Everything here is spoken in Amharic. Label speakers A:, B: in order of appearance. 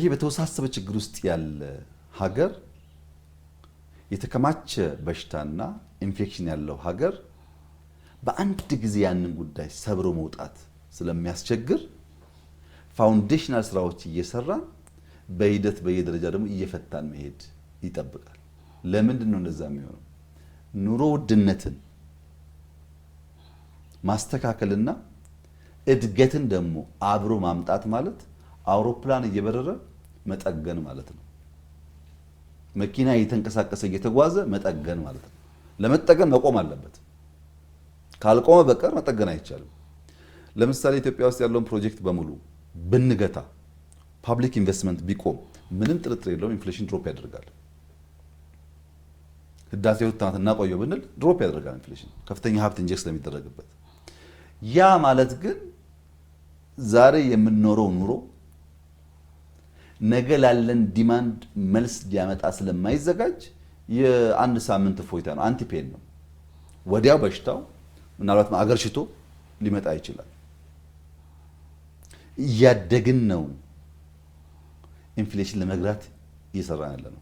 A: ይሄ በተወሳሰበ ችግር ውስጥ ያለ ሀገር የተከማቸ በሽታና ኢንፌክሽን ያለው ሀገር በአንድ ጊዜ ያንን ጉዳይ ሰብሮ መውጣት ስለሚያስቸግር ፋውንዴሽናል ስራዎች እየሰራ በሂደት በየደረጃ ደግሞ እየፈታን መሄድ ይጠብቃል። ለምንድን ነው እንደዛ የሚሆነው? ኑሮ ውድነትን ማስተካከልና እድገትን ደግሞ አብሮ ማምጣት ማለት አውሮፕላን እየበረረ መጠገን ማለት ነው። መኪና እየተንቀሳቀሰ እየተጓዘ መጠገን ማለት ነው። ለመጠገን መቆም አለበት። ካልቆመ በቀር መጠገን አይቻልም። ለምሳሌ ኢትዮጵያ ውስጥ ያለውን ፕሮጀክት በሙሉ ብንገታ፣ ፓብሊክ ኢንቨስትመንት ቢቆም፣ ምንም ጥርጥር የለውም ኢንፍሌሽን ድሮፕ ያደርጋል። ህዳሴ ውጥናት እናቆየው ብንል ድሮፕ ያደርጋል ኢንፍሌሽን ከፍተኛ ሀብት ኢንጀክስ ስለሚደረግበት። ያ ማለት ግን ዛሬ የምንኖረው ኑሮ ነገ ላለን ዲማንድ መልስ ሊያመጣ ስለማይዘጋጅ የአንድ ሳምንት እፎይታ ነው። አንቲፔን ነው። ወዲያው በሽታው ምናልባት አገር ሽቶ ሊመጣ ይችላል። እያደግን ነው። ኢንፍሌሽን ለመግራት እየሰራን ያለ ነው።